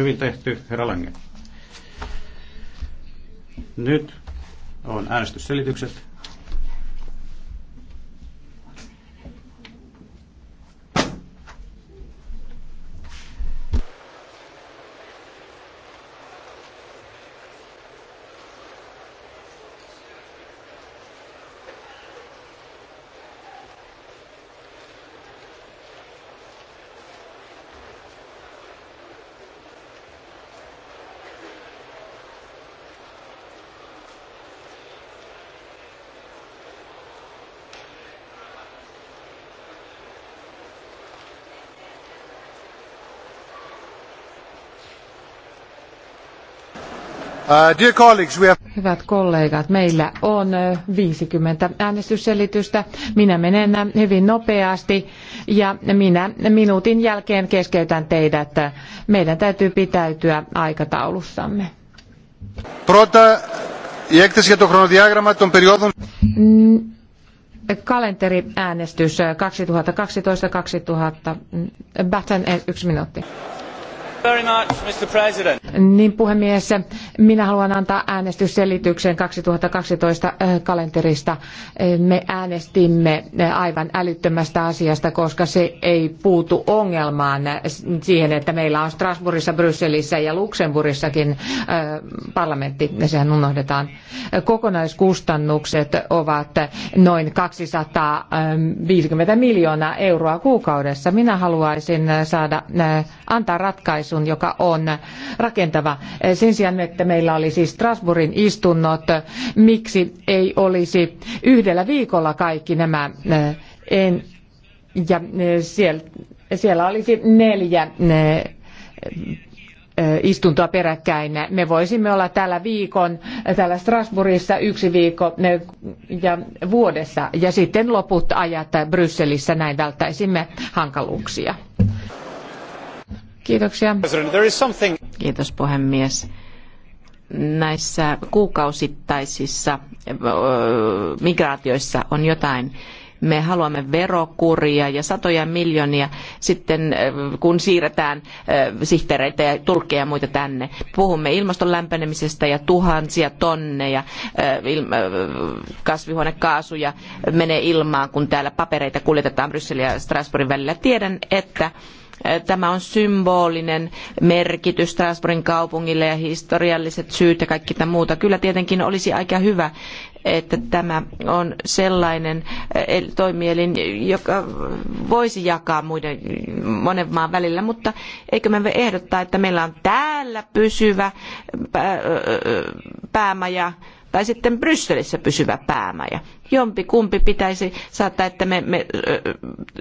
Hyvin tehty, herra Lange. Nyt on äänestysselitykset. Uh, Hyvät kollegat, meillä on 50 uh, äänestysselitystä. Minä menen uh, hyvin nopeasti ja minä minuutin jälkeen keskeytän teidät. Meidän täytyy pitäytyä aikataulussamme. Prota, η έκθεση για 2012-2000. Batten, yksi minuutti. Very much, Mr. President. Niin puhemies, minä haluan antaa äänestysselityksen 2012 äh, kalenterista. Me äänestimme äh, aivan älyttömästä asiasta, koska se ei puutu ongelmaan siihen, että meillä on Strasbourgissa, Brysselissä ja Luxemburgissakin äh, parlamentti. Sehän unohdetaan. Kokonaiskustannukset ovat noin 250 miljoonaa euroa kuukaudessa. Minä haluaisin saada antaa ratkaisun, joka on rakennettu rakentava. Eh, sen sijaan, että meillä olisi siis Strasbourgin istunnot, eh, miksi ei olisi yhdellä viikolla kaikki nämä eh, en, ja siellä, siellä olisi neljä ne, istuntoa peräkkäin. Me voisimme olla täällä viikon, täällä Strasbourgissa yksi viikko ja vuodessa ja sitten loput ajat Brysselissä. Näin välttäisimme hankaluuksia. Kiitoksia. Kiitos puhemies näissä kuukausittaisissa migraatioissa on jotain. Me haluamme verokuria ja satoja miljoonia sitten, kun siirretään sihteereitä ja tulkkeja ja muita tänne. Puhumme ilmaston lämpenemisestä ja tuhansia tonneja kasvihuonekaasuja menee ilmaan, kun täällä papereita kuljetetaan Brysselin ja Strasbourgin välillä. Tiedän, että Tämä on symbolinen merkitys Strasbourgin kaupungille ja historialliset syyt ja kaikki tämä muuta. Kyllä tietenkin olisi aika hyvä, että tämä on sellainen eh, toimielin, joka voisi jakaa muiden, monen maan välillä, mutta eikö me ehdottaa, että meillä on täällä pysyvä päämaja, tai sitten Brysselissä pysyvä päämaja. Jompi kumpi pitäisi saattaa, että me, me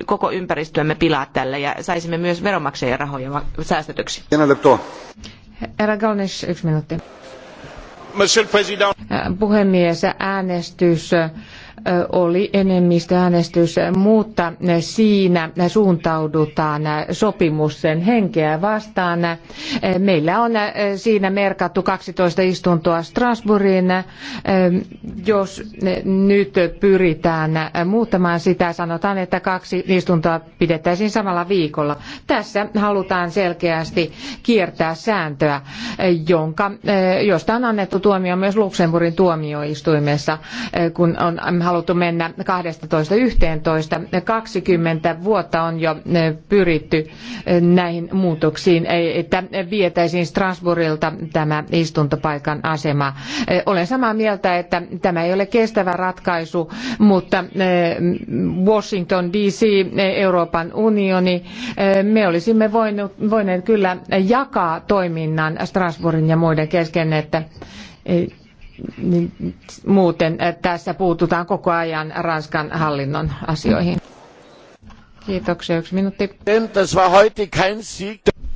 koko ympäristöämme pilaa tällä ja saisimme myös veronmaksajien rahoja säästetyksi. Herra Galnish, yksi minuutti. Monsieur le Puhemies, äänestys oli enemmistöäänestys, mutta siinä suuntaudutaan sopimuksen henkeä vastaan. Meillä on siinä merkattu 12 istuntoa Strasbourgiin. Jos nyt pyritään muuttamaan sitä, sanotaan, että kaksi istuntoa pidettäisiin samalla viikolla. Tässä halutaan selkeästi kiertää sääntöä, jonka, josta on annettu tuomio myös Luxemburgin tuomioistuimessa, kun on haluttu mennä 12-11. 20 vuotta on jo eh, pyritty eh, näihin muutoksiin, eh, että vietäisiin Strasbourgilta tämä istuntopaikan asema. Olen samaa mieltä, että tämä ei ole kestävä ratkaisu, mutta Washington DC, Euroopan unioni, me olisimme voineet kyllä jakaa toiminnan Strasbourgin ja muiden kesken, että niin muuten äh, tässä puututaan koko ajan Ranskan hallinnon asioihin. Kiitoksia. Yksi minuutti.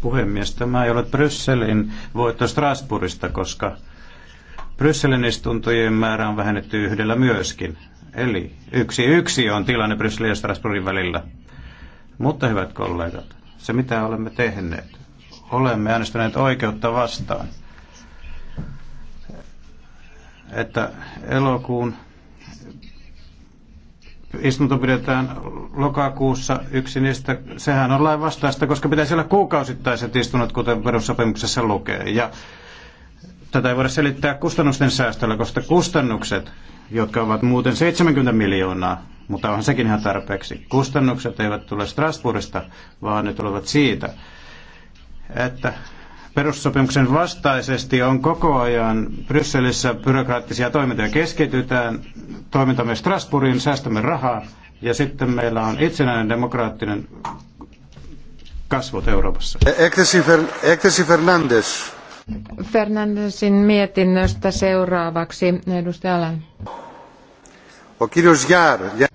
Puhemies, tämä ei ole Brysselin voitto Strasbourgista, koska Brysselin istuntojen määrä on vähennetty yhdellä myöskin. Eli yksi yksi on tilanne Brysselin ja Strasbourgin välillä. Mutta hyvät kollegat, se mitä olemme tehneet, olemme äänestäneet oikeutta vastaan että elokuun istunto pidetään lokakuussa yksi niistä. Sehän on lain vastaista, koska pitäisi olla kuukausittaiset istunnot, kuten perussopimuksessa lukee. Ja tätä ei voida selittää kustannusten säästöllä, koska kustannukset, jotka ovat muuten 70 miljoonaa, mutta onhan sekin ihan tarpeeksi. Kustannukset eivät tule Strasbourgista, vaan ne tulevat siitä, että perussopimuksen vastaisesti on koko ajan Brysselissä byrokraattisia toimintoja. Keskitytään toimintamme Strasbourgin säästämme rahaa ja sitten meillä on itsenäinen demokraattinen kasvot Euroopassa. Ektesi Fernandes. Fernandesin mietinnöstä seuraavaksi edustaja Alain.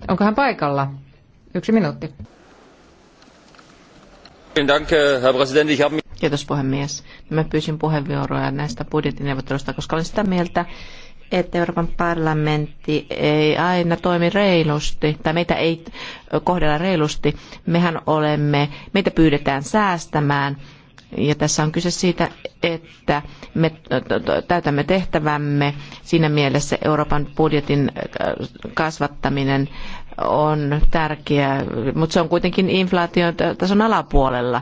Onko hän paikalla? Yksi minuutti. Dank, Herr Präsident. Ich habe Kiitos puhemies. Mä pyysin puheenvuoroja näistä budjettineuvotteluista, koska olen sitä mieltä, että Euroopan parlamentti ei aina toimi reilusti, tai meitä ei kohdella reilusti. Mehän olemme, meitä pyydetään säästämään, ja tässä on kyse siitä, että me täytämme tehtävämme. Siinä mielessä Euroopan budjetin äh, kasvattaminen on tärkeää, mutta se on kuitenkin inflaation tason alapuolella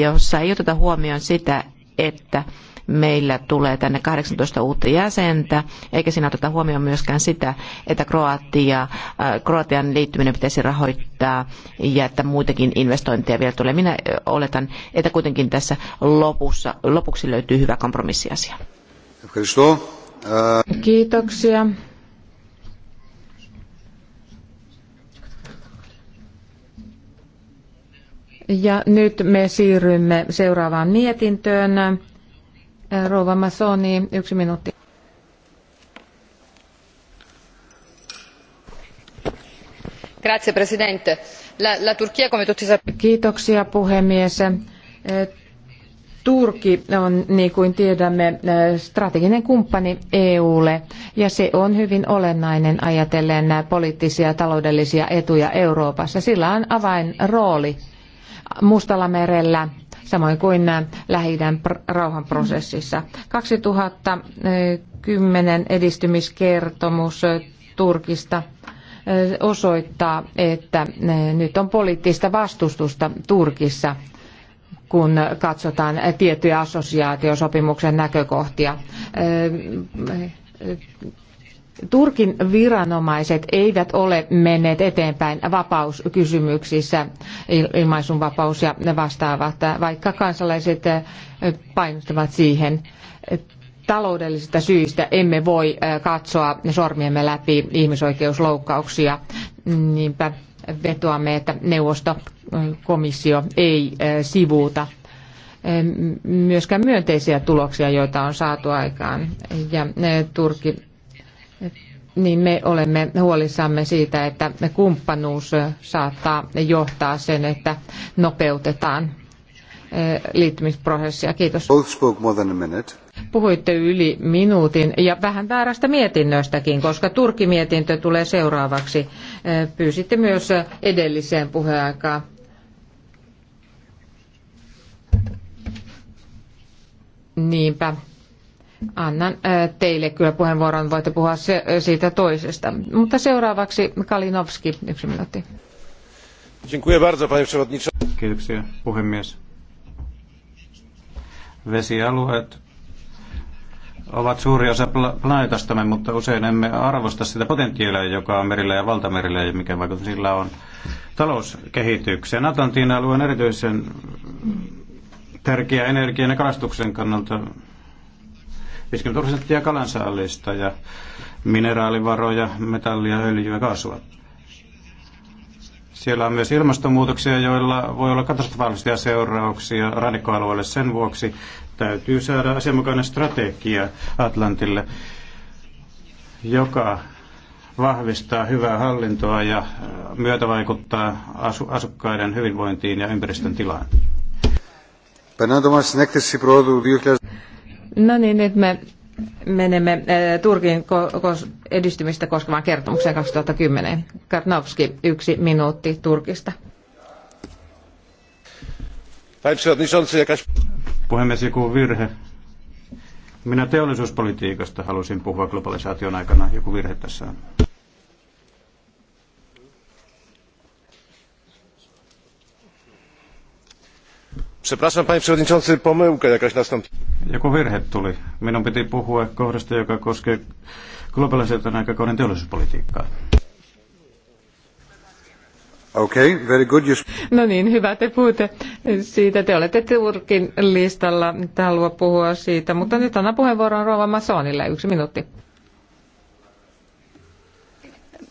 jossa ei oteta huomioon sitä, että meillä tulee tänne 18 uutta jäsentä, eikä siinä oteta huomioon myöskään sitä, että Kroatia, äh, Kroatian liittyminen pitäisi rahoittaa ja että muitakin investointeja vielä tulee. Minä oletan, että kuitenkin tässä lopussa, lopuksi löytyy hyvä kompromissiasia. Kiitoksia. Ja nyt me siirrymme seuraavaan mietintöön. Rouva Masoni, yksi minuutti. Grazie, Presidente. La, la Turchia, come tutti sappiamo... Kiitoksia, puhemies. Turkki on, niin kuin tiedämme, strateginen kumppani EUlle ja se on hyvin olennainen ajatellen poliittisia ja taloudellisia etuja Euroopassa. Sillä on avainrooli Mustalla merellä, samoin kuin äh, lähi rauhanprosessissa. 2010 edistymiskertomus äh, Turkista äh, osoittaa, että nyt on poliittista vastustusta Turkissa, kun katsotaan tiettyjä assosiaatiosopimuksen näkökohtia Turkin viranomaiset eivät ole menneet eteenpäin vapauskysymyksissä, ilmaisunvapaus ja vastaavat, vaikka kansalaiset eh, painostavat siihen. Taloudellisista syistä emme voi eh, katsoa sormiemme läpi ihmisoikeusloukkauksia. Niinpä vetoamme, että neuvosto, eh, komissio ei sivuuta myöskään myönteisiä tuloksia, joita on saatu aikaan. Ja Turkki niin me olemme huolissamme siitä, että kumppanuus saattaa johtaa sen, että nopeutetaan eh, liittymisprosessia. Kiitos. Puhuitte yli minuutin ja vähän väärästä mietinnöstäkin, koska Turkimietintö tulee seuraavaksi. Eh, pyysitte myös edelliseen puheaikaa. Niinpä annan teille kyllä puheenvuoron, voitte puhua siitä toisesta. Mutta seuraavaksi Kalinowski, yksi minuutti. Kiitoksia puhemies. Vesialueet ovat suuri osa planeetastamme, mutta usein emme arvosta sitä potentiaalia, joka on merillä ja valtamerillä ja mikä vaikutus sillä on talouskehitykseen. Atlantin alue on erityisen tärkeä energian ja kalastuksen kannalta 50 prosenttia kalansaalista ja mineraalivaroja, metallia, öljyä ja kaasua. Siellä on myös ilmastonmuutoksia, joilla voi olla katastrofaalisia seurauksia rannikkoalueelle. Sen vuoksi täytyy saada asianmukainen strategia Atlantille, joka vahvistaa hyvää hallintoa ja myötävaikuttaa asukkaiden hyvinvointiin ja ympäristön tilaan. No niin, nyt me menemme eh, Turkin edistymistä koskevaan kertomukseen 2010. Karnowski, yksi minuutti Turkista. Puhemies, joku virhe. Minä teollisuuspolitiikasta halusin puhua globalisaation aikana. Joku virhe tässä on. Przepraszam, panie przewodniczący, pomyłka jakaś nastąpiła. Joku virhe tuli. Minun piti puhua kohdasta, joka koskee globalisaation aikakauden teollisuuspolitiikkaa. Okay, very good. No niin, hyvä, te puhutte siitä. Te olette Turkin listalla, te puhua siitä, mutta nyt annan puheenvuoron Rova Masonille. Yksi minuutti.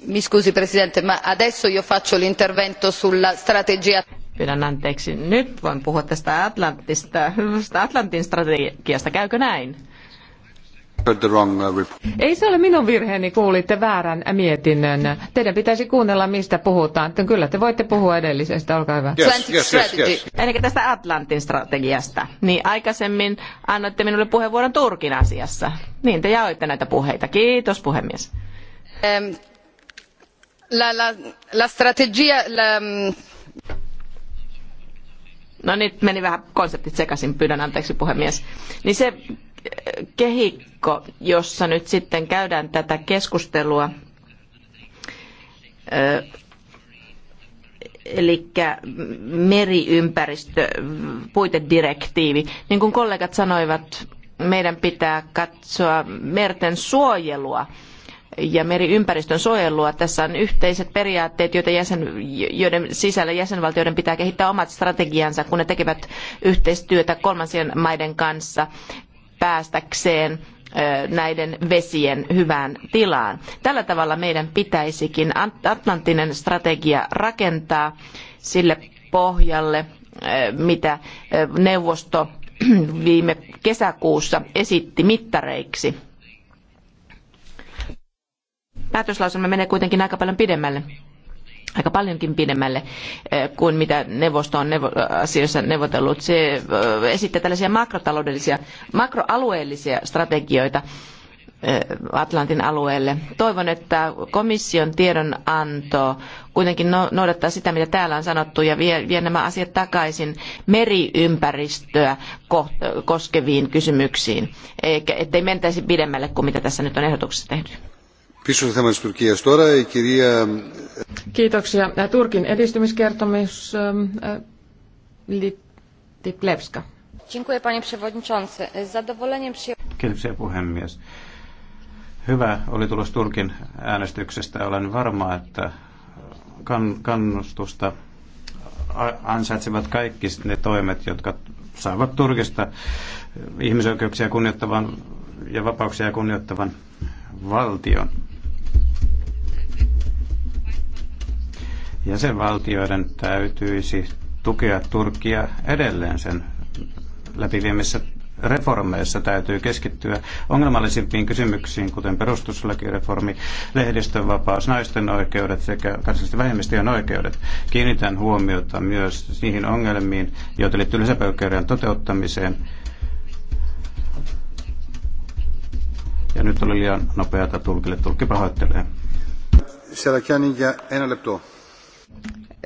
Mi scusi Presidente, ma adesso io faccio l'intervento sulla strategia. Pyydän anteeksi. Nyt voin puhua tästä Atlantista, Atlantin strategiasta. Käykö näin? Uh, Ei se ole minun virheeni, kuulitte väärän mietinnön. Teidän pitäisi kuunnella, mistä puhutaan. Kyllä te voitte puhua edellisestä, olkaa hyvä. Yes, yes, yes, yes. Eli tästä Atlantin strategiasta. Niin aikaisemmin annoitte minulle puheenvuoron Turkin asiassa. Niin te jaoitte näitä puheita. Kiitos puhemies. Um, la, la, la strategia... La, mm, no nyt meni vähän konseptit sekaisin, pyydän anteeksi puhemies, niin se eh, kehikko, jossa nyt sitten käydään tätä keskustelua, eh, eli meriympäristö, puitedirektiivi. Niin kuin kollegat sanoivat, meidän pitää katsoa merten suojelua ja meriympäristön suojelua. Tässä on yhteiset periaatteet, joita jäsen, joiden sisällä jäsenvaltioiden pitää kehittää omat strategiansa, kun ne tekevät yhteistyötä kolmansien maiden kanssa päästäkseen näiden vesien hyvään tilaan. Tällä tavalla meidän pitäisikin Atlanttinen strategia rakentaa sille pohjalle, mitä neuvosto viime kesäkuussa esitti mittareiksi Päätöslauselma menee kuitenkin aika paljon pidemmälle aika paljonkin pidemmälle eh, kuin mitä neuvosto on neuvo- eh, asioissa neuvotellut. Se eh, esittää tällaisia makrotaloudellisia, makroalueellisia strategioita Atlantin alueelle. Toivon, että komission tiedonanto kuitenkin no- noudattaa sitä, mitä täällä on sanottu, ja vie, vie nämä asiat takaisin meriympäristöä koskeviin kysymyksiin, eikä, ettei mentäisi pidemmälle kuin mitä tässä nyt on ehdotuksessa tehty. Kiitoksia. Turkin edistymiskertomus Liplevska. Dziękuję panie przewodniczący. Z zadowoleniem Kiitoksia puhemies. Hyvä oli tulos Turkin äänestyksestä. Olen varma, että kannustusta ansaitsevat kaikki ne toimet, jotka saavat Turkista ihmisoikeuksia kunnioittavan ja vapauksia kunnioittavan valtion. Jäsenvaltioiden täytyisi tukea Turkia edelleen sen läpiviemissä reformeissa täytyy keskittyä ongelmallisimpiin kysymyksiin, kuten perustuslakireformi, lehdistönvapaus, naisten oikeudet sekä kansallisten vähemmistöjen oikeudet. Kiinnitän huomiota myös niihin ongelmiin, joita liittyy lisäpöykäyden toteuttamiseen Ja nyt oli liian nopeata tulkille. Tulkki pahoittelee. Serakiani ja Ena Lepto.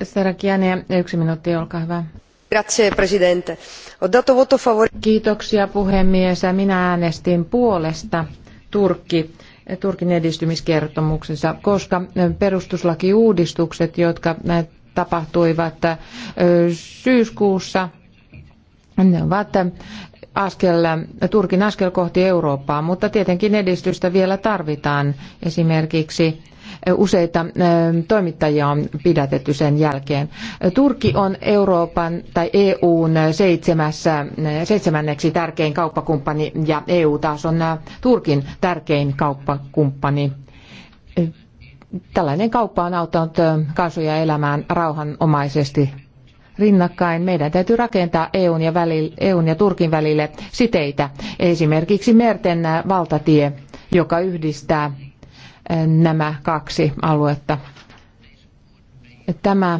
Serakiani ja yksi minuutti, olkaa hyvä. Grazie, presidente. Ho dato voto favore. Kiitoksia puhemies. Minä äänestin puolesta Turkki Turkin edistymiskertomuksessa, koska perustuslakiuudistukset, jotka tapahtuivat syyskuussa, ne ovat askel, Turkin askel kohti Eurooppaa, mutta tietenkin edistystä vielä tarvitaan. Esimerkiksi useita toimittajia on pidätetty sen jälkeen. Turkki on Euroopan tai EUn seitsemässä, seitsemänneksi tärkein kauppakumppani ja EU taas on Turkin tärkein kauppakumppani. Tällainen kauppa on auttanut kansoja elämään rauhanomaisesti rinnakkain. Meidän täytyy rakentaa EUn ja, välille, EUn ja Turkin välille siteitä. Esimerkiksi merten valtatie, joka yhdistää eh, nämä kaksi aluetta. Tämä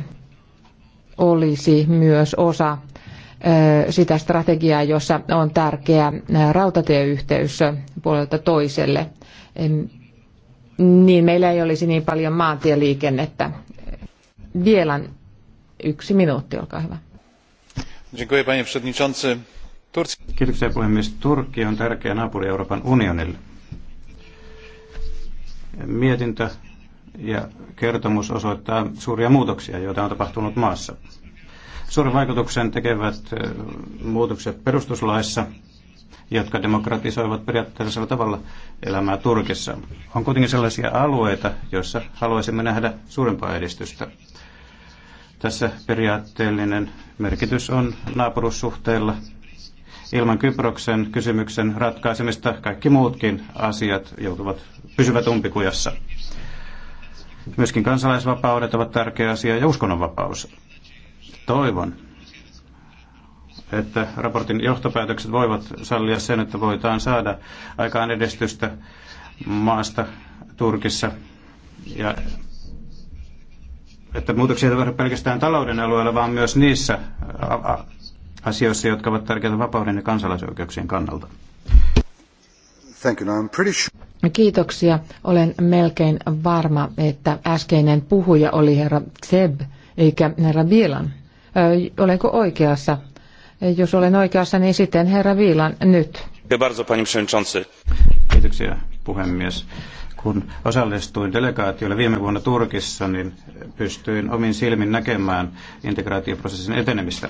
olisi myös osa eh, sitä strategiaa, jossa on tärkeä eh, rautatieyhteys puolelta toiselle. Niin meillä ei olisi niin paljon maantieliikennettä. Vielä Yksi minuutti, olkaa hyvä. Kiitoksia puhemies. Turkki on tärkeä naapuri Euroopan unionille. Mietintö ja kertomus osoittaa suuria muutoksia, joita on tapahtunut maassa. Suuren vaikutuksen tekevät muutokset perustuslaissa, jotka demokratisoivat periaatteellisella tavalla elämää Turkissa. On kuitenkin sellaisia alueita, joissa haluaisimme nähdä suurempaa edistystä. Tässä periaatteellinen merkitys on naapurussuhteilla. Ilman Kyproksen kysymyksen ratkaisemista kaikki muutkin asiat joutuvat, pysyvät umpikujassa. Myöskin kansalaisvapaudet ovat tärkeä asia ja uskonnonvapaus. Toivon, että raportin johtopäätökset voivat sallia sen, että voitaan saada aikaan edistystä maasta Turkissa ja että muutoksia tapahdu pelkästään talouden alueella, vaan myös niissä asioissa, jotka ovat tärkeitä vapauden ja kansalaisoikeuksien kannalta. Thank you. I'm pretty sure. Kiitoksia. Olen melkein varma, että äskeinen puhuja oli herra Zeb eikä herra Vilan. Ö, olenko oikeassa? Jos olen oikeassa, niin sitten herra Vilan nyt. Kiitoksia, puhemies kun osallistuin delegaatiolle viime vuonna Turkissa, niin pystyin omin silmin näkemään integraatioprosessin etenemistä.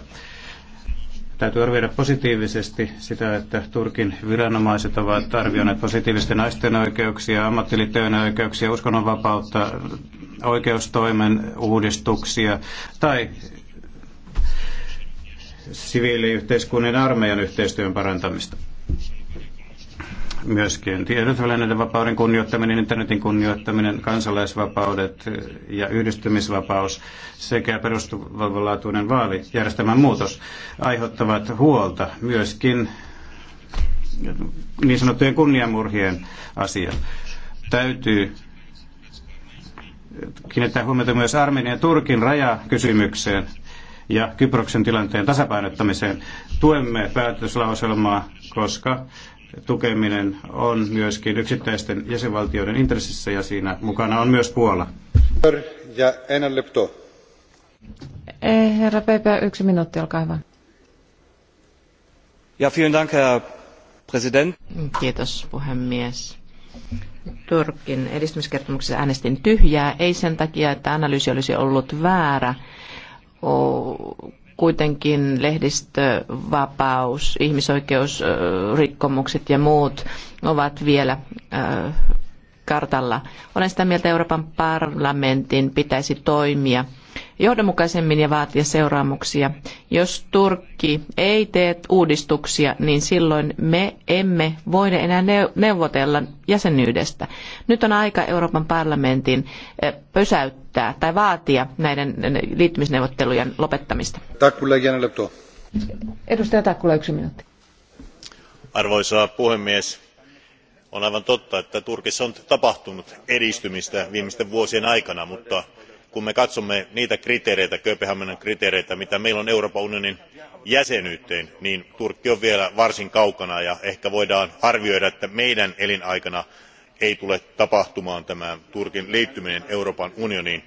Täytyy arvioida positiivisesti sitä, että Turkin viranomaiset ovat arvioineet positiivisten naisten oikeuksia, ammattiliittojen oikeuksia, uskonnonvapautta, oikeustoimen uudistuksia tai siviiliyhteiskunnan armeijan yhteistyön parantamista myöskin tiedotusvälineiden vapauden kunnioittaminen, internetin kunnioittaminen, kansalaisvapaudet ja yhdistymisvapaus sekä perustuvanlaatuinen vaalijärjestelmän muutos aiheuttavat huolta myöskin niin sanottujen kunniamurhien asia. Täytyy kiinnittää huomiota myös Armenian ja Turkin rajakysymykseen ja Kyproksen tilanteen tasapainottamiseen. Tuemme päätöslauselmaa, koska tukeminen on myöskin yksittäisten jäsenvaltioiden intressissä ja siinä mukana on myös Puola. Ja enää lepto. Eh, herra Peipä, yksi minuutti, olkaa hyvä. Ja vielen dank, herra president. Kiitos, puhemies. Turkin edistymiskertomuksessa äänestin tyhjää, ei sen takia, että analyysi olisi ollut väärä kuitenkin lehdistövapaus, ihmisoikeusrikkomukset ja muut ovat vielä kartalla. Olen sitä mieltä, että Euroopan parlamentin pitäisi toimia – johdonmukaisemmin ja vaatia seuraamuksia. Jos Turkki ei tee uudistuksia, niin silloin me emme voi enää neuvotella jäsenyydestä. Nyt on aika Euroopan parlamentin eh, pysäyttää tai vaatia näiden eh, liittymisneuvottelujen lopettamista. Edustaja Takkula, yksi minuutti. Arvoisa puhemies, on aivan totta että turkissa on tapahtunut edistymistä viimeisten vuosien aikana mutta kun me katsomme niitä kriteereitä kööpenhaminan kriteereitä joita meillä on euroopan unionin jäsenyyteen niin turkki on vielä varsin kaukana ja ehkä voidaan arvioida että meidän elinaikanamme ei tule tapahtumaan tämä turkin liittyminen euroopan unioniin.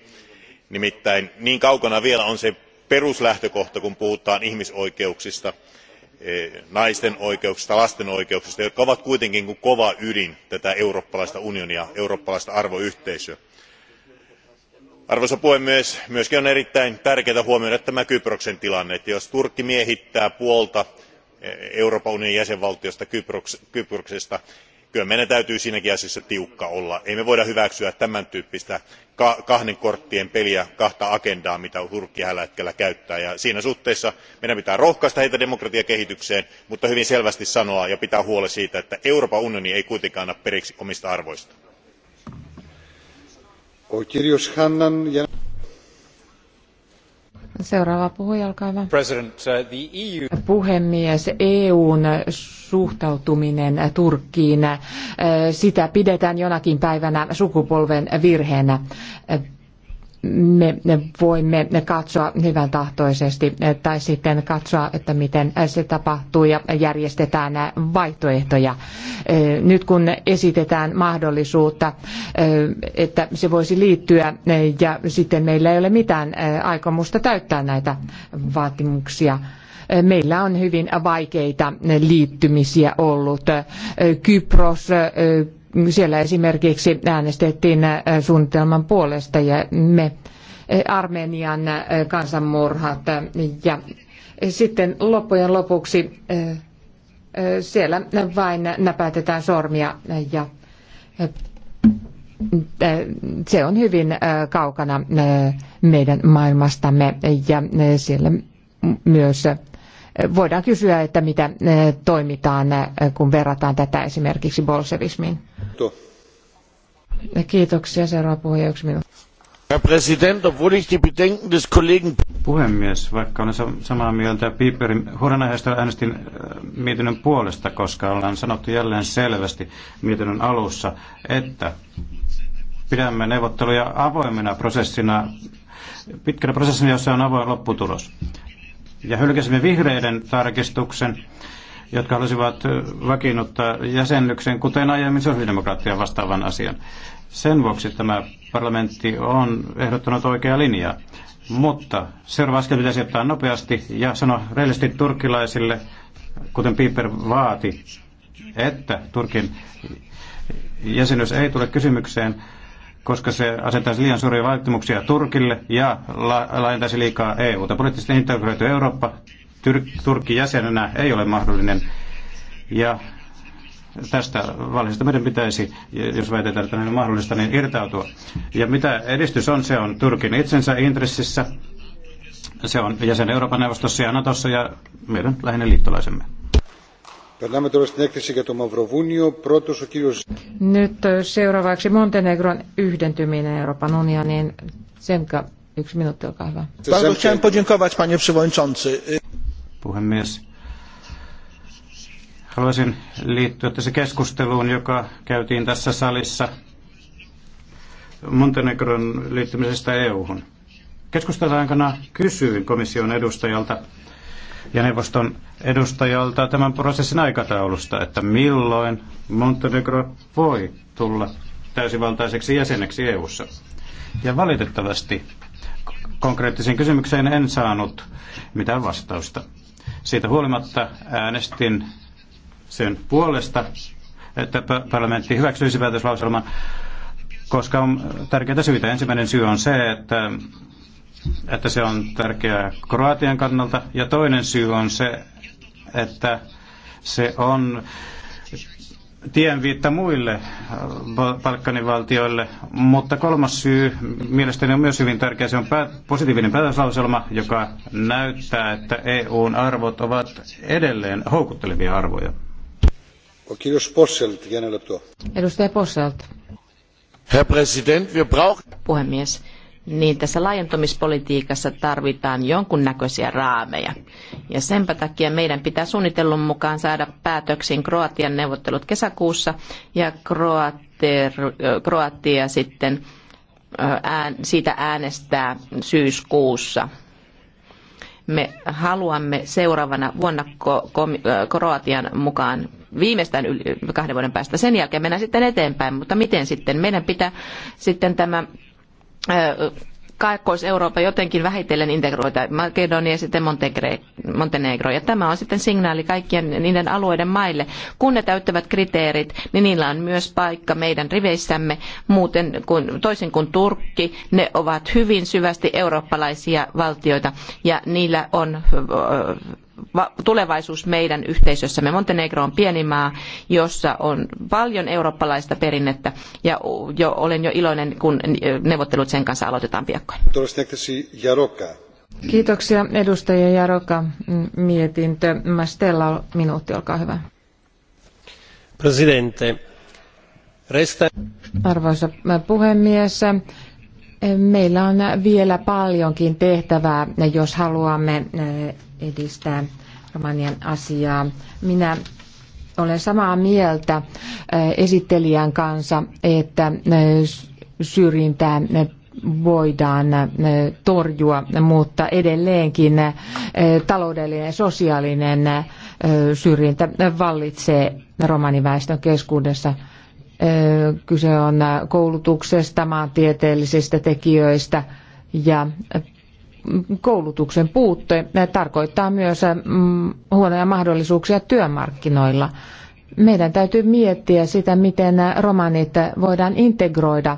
nimittäin niin kaukana vielä on se peruslähtökohta kun puhutaan ihmisoikeuksista eh, naisten oikeuksista lasten oikeuksista jotka ovat kuitenkin kova ydin tätä eurooppalaista unionia eurooppalaista arvoyhteisöä arvoisa puhemies myös on erittäin tärkeää huomioida tämä kyproksen tilanne että jos turkki miehittää puolta e, euroopan unionin jäsenvaltioista kyproksesta kyllä meidän täytyy siinäkin asiassa tiukka olla. emme voi hyväksyä tämän tyyppistä kahden kortin peliä kahta agendaa mitä turkki tällä hetkellä käyttää ja siinä suhteessa meidän pitää rohkaista heitä demokratiakehitykseen mutta hyvin selvästi sanoa ja pitää huoli siitä että euroopan unioni ei kuitenkaan anna periksi omista arvoistaan. Seuraava uh, e puhemies eu n EUn suhtautuminen Turkkiin, uh, sitä pidetään jonakin päivänä sukupolven virheenä me voimme katsoa hyvän tahtoisesti tai sitten katsoa, että miten se tapahtuu ja järjestetään vaihtoehtoja. Nyt kun esitetään mahdollisuutta, että se voisi liittyä ja sitten meillä ei ole mitään aikomusta täyttää näitä vaatimuksia meillä on hyvin vaikeita liittymisiä ollut. Kypros, siellä esimerkiksi äänestettiin äh, suunnitelman puolesta ja me äh, Armenian äh, kansanmurhat ja sitten loppujen lopuksi siellä vain näpäytetään sormia ja se on hyvin kaukana meidän maailmastamme ja siellä myös voidaan kysyä, että mitä toimitaan, kun verrataan tätä esimerkiksi bolsevismiin. Kiitoksia. Seuraava puhuja yksi minuutti. Puhemies, vaikka olen samaa mieltä Piperin aiheesta, äänestin äh, mietinnön puolesta, koska ollaan sanottu jälleen selvästi mietinnön alussa, että pidämme neuvotteluja avoimena prosessina, pitkänä prosessina, jossa on avoin lopputulos. Ja hylkäsimme vihreiden tarkistuksen, jotka halusivat vakiinnuttaa jäsennyksen, kuten aiemmin sosiaalidemokraattia vastaavan asian. Sen vuoksi tämä parlamentti on ehdottanut oikeaa linjaa. Mutta seuraava askel pitäisi ottaa nopeasti ja sanoa reilisti turkkilaisille, kuten Piper vaati, että Turkin jäsenyys ei tule kysymykseen, koska se asettaisi liian suuria vaatimuksia Turkille ja la- laajentaisi liikaa EUta. Poliittisesti integroitu Eurooppa Tyr- Turkki jäsenenä ei ole mahdollinen. Ja tästä valheesta meidän pitäisi, jos väitetään, että näin on mahdollista, niin irtautua. Ja mitä edistys on, se on Turkin itsensä intressissä, se on jäsen Euroopan neuvostossa ja Natossa ja meidän lähinnä liittolaisemme. Nyt seuraavaksi Montenegron yhdentyminen Euroopan unioniin. Senka, yksi minuutti, olkaa hyvä. panie przewodniczący puhemies. Haluaisin liittyä tässä keskusteluun, joka käytiin tässä salissa Montenegron liittymisestä EU-hun. Keskustelun aikana kysyin komission edustajalta ja neuvoston edustajalta tämän prosessin aikataulusta, että milloin Montenegro voi tulla täysivaltaiseksi jäseneksi EU:ssa. Ja valitettavasti konkreettiseen kysymykseen en saanut mitään vastausta. Siitä huolimatta äänestin sen puolesta, että parlamentti hyväksyisi päätöslauselman, koska on tärkeitä syitä. Ensimmäinen syy on se, että, että se on tärkeää Kroatian kannalta, ja toinen syy on se, että se on tienviittä muille äh, Balkanin valtioille, mutta kolmas syy mielestäni on myös hyvin tärkeä. Se on päät positiivinen päätöslauselma, joka näyttää, että EUn arvot ovat edelleen houkuttelevia arvoja. Edustaja Posselt. Herr Präsident, wir brauchen... Puhemies, niin tässä laajentumispolitiikassa tarvitaan jonkunnäköisiä raameja. Ja senpä takia meidän pitää suunnitellun mukaan saada päätöksiin Kroatian neuvottelut kesäkuussa ja Kroatia sitten siitä äänestää syyskuussa. Me haluamme seuraavana vuonna Kroatian mukaan viimeistään yli kahden vuoden päästä. Sen jälkeen mennään sitten eteenpäin, mutta miten sitten? Meidän pitää sitten tämä Kaakkois-Eurooppa jotenkin vähitellen integroita Makedonia ja sitten Montenegro. Ja tämä on sitten signaali kaikkien niiden alueiden maille. Kun ne täyttävät kriteerit, niin niillä on myös paikka meidän riveissämme. Muuten toisin kuin Turkki, ne ovat hyvin syvästi eurooppalaisia valtioita ja niillä on tulevaisuus meidän yhteisössämme. Montenegro on pieni maa, jossa on paljon eurooppalaista perinnettä ja jo, olen jo iloinen, kun neuvottelut sen kanssa aloitetaan piakkoin. Kiitoksia edustaja Jaroka. Mietintö. Stella, minuutti, olkaa hyvä. Presidente. Resta... Arvoisa puhemies, meillä on vielä paljonkin tehtävää, jos haluamme edistää Romanian asiaa. Minä olen samaa mieltä eh, esittelijän kanssa, että eh, syrjintää eh, voidaan torjua, mutta edelleenkin taloudellinen ja sosiaalinen syrjintä vallitsee romaniväestön keskuudessa. Kyse on koulutuksesta, maantieteellisistä tekijöistä ja koulutuksen puutte tarkoittaa myös mm, huonoja mahdollisuuksia työmarkkinoilla. Meidän täytyy miettiä sitä, miten romanit voidaan integroida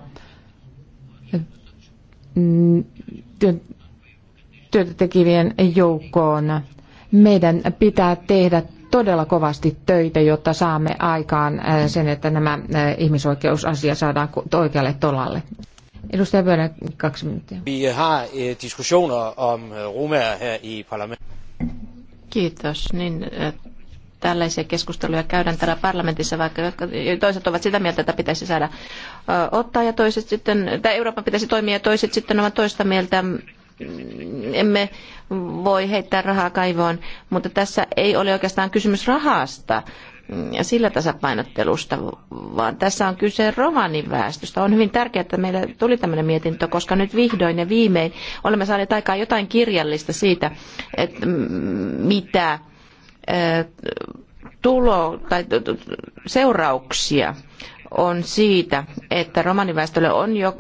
mm, työtä tekevien joukkoon. Meidän pitää tehdä todella kovasti töitä, jotta saamme aikaan äh, sen, että nämä äh, ihmisoikeusasia saadaan oikealle tolalle. Edustaja Böder, kaksi minuuttia. Vi øh, har øh, diskussioner om här øh, i parlamentet. Kiitos. Niin, äh, tällaisia keskusteluja käydään täällä parlamentissa, vaikka toiset ovat sitä mieltä, että pitäisi saada äh, ottaa ja toiset sitten, tai Euroopan pitäisi toimia ja toiset sitten ovat toista mieltä. Mm, emme voi heittää rahaa kaivoon, mutta tässä ei ole oikeastaan kysymys rahasta, ja sillä tasapainottelusta, vaan tässä on kyse romanin väestöstä. On hyvin tärkeää, että meille tuli tämmöinen mietintö, koska nyt vihdoin ja viimein olemme saaneet aikaan jotain kirjallista siitä, että mitä tulo- tai seurauksia on siitä, että romaniväestölle on jo,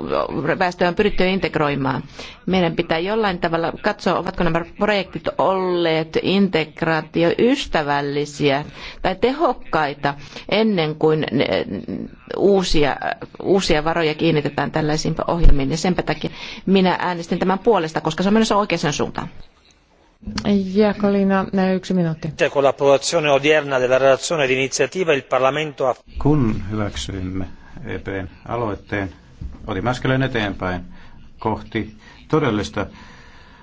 väestöä on pyritty integroimaan. Meidän pitää jollain tavalla katsoa, ovatko nämä projektit olleet integraatioystävällisiä tai tehokkaita ennen kuin uusia, uusia varoja kiinnitetään tällaisiin ohjelmiin. Ja sen takia minä äänestin tämän puolesta, koska se on menossa oikeaan suuntaan. Kun hyväksyimme EPn aloitteen, otimme askeleen eteenpäin kohti todellista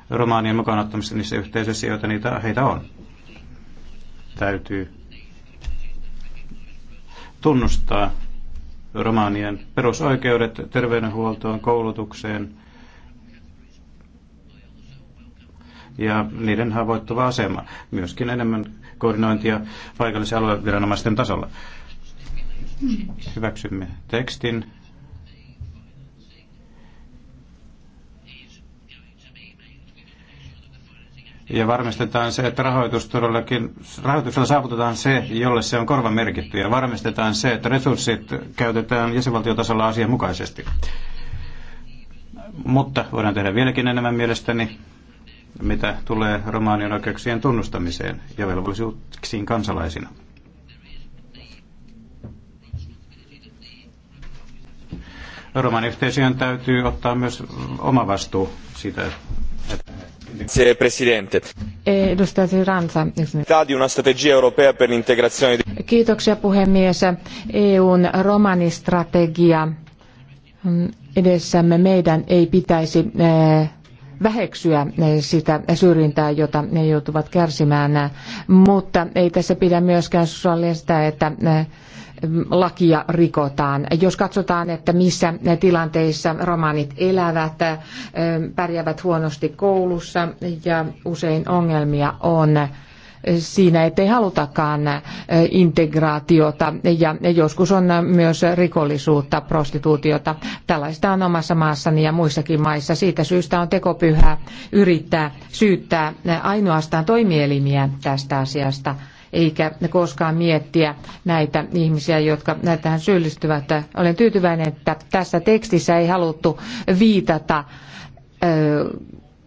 romaanien mukaan ottamista niissä yhteisöissä, joita niitä, heitä on. Täytyy tunnustaa romaanien perusoikeudet terveydenhuoltoon, koulutukseen, ja niiden haavoittuva asema. Myöskin enemmän koordinointia paikallisen alueviranomaisten tasolla. Hyväksymme tekstin. ja varmistetaan se, että rahoitus todellakin, rahoituksella saavutetaan se, jolle se on korva merkitty ja varmistetaan se, että resurssit käytetään jäsenvaltiotasolla asianmukaisesti. Mutta voidaan tehdä vieläkin enemmän mielestäni mitä tulee romaanien oikeuksien tunnustamiseen ja velvollisuuksiin kansalaisina. Roman täytyy ottaa myös oma vastuu siitä, että Se Presidente. Edustaja Ransa. Niin? di una strategia europea per l'integrazione. Kiitoksia puhemies. EUn romanistrategia mm, edessämme meidän ei pitäisi eh, väheksyä eh, sitä syrjintää, jota ne joutuvat kärsimään, mutta ei tässä pidä myöskään sallia sitä, että eh, lakia rikotaan. Jos katsotaan, että missä tilanteissa romanit elävät, eh, pärjäävät huonosti koulussa ja usein ongelmia on siinä, ettei halutakaan integraatiota ja joskus on myös rikollisuutta, prostituutiota. Tällaista on omassa maassani ja muissakin maissa. Siitä syystä on tekopyhää yrittää syyttää ainoastaan toimielimiä tästä asiasta eikä koskaan miettiä näitä ihmisiä, jotka tähän syyllistyvät. Olen tyytyväinen, että tässä tekstissä ei haluttu viitata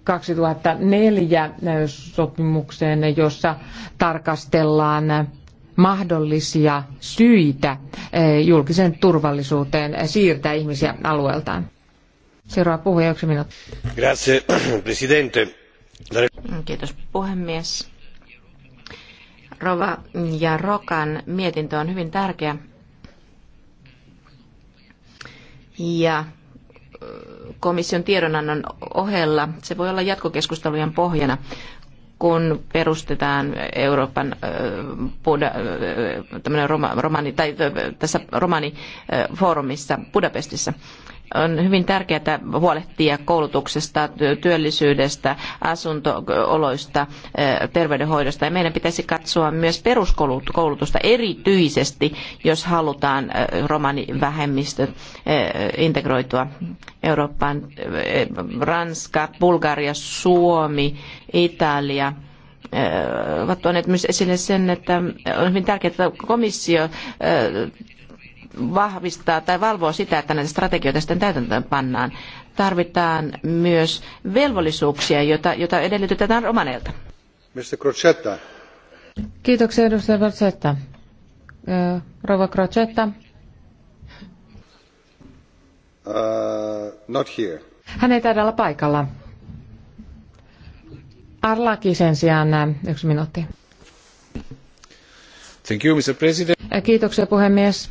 2004 sopimukseen, jossa tarkastellaan mahdollisia syitä eh, julkisen turvallisuuteen siirtää ihmisiä alueeltaan. Seuraava puhuja yksi minuutti. Grazie, presidente. Kiitos puhemies. Rova ja Rokan mietintö on hyvin tärkeä. Ja komission tiedonannon ohella. Se voi olla jatkokeskustelujen pohjana, kun perustetaan Euroopan romani, tai tässä romanifoorumissa Budapestissa on hyvin tärkeää huolehtia koulutuksesta, työllisyydestä, asuntooloista, eh, terveydenhoidosta. Ja meidän pitäisi katsoa myös peruskoulutusta erityisesti, jos halutaan eh, romanivähemmistöt eh, integroitua Eurooppaan. Ranska, Bulgaria, Suomi, Italia ovat tuoneet myös esille sen, että on hyvin tärkeää, että komissio vahvistaa tai valvoo sitä, että näitä strategioita sitten täytäntöön pannaan. Tarvitaan myös velvollisuuksia, joita, joita edellytetään romaneilta. Mr. Crocetta. Kiitoksia edustaja Crocetta. Rova Crocetta. Uh, not here. Hän ei taida olla paikalla. Arlaki sen sijaan yksi minuutti. Thank you, Mr. President. Kiitoksia puhemies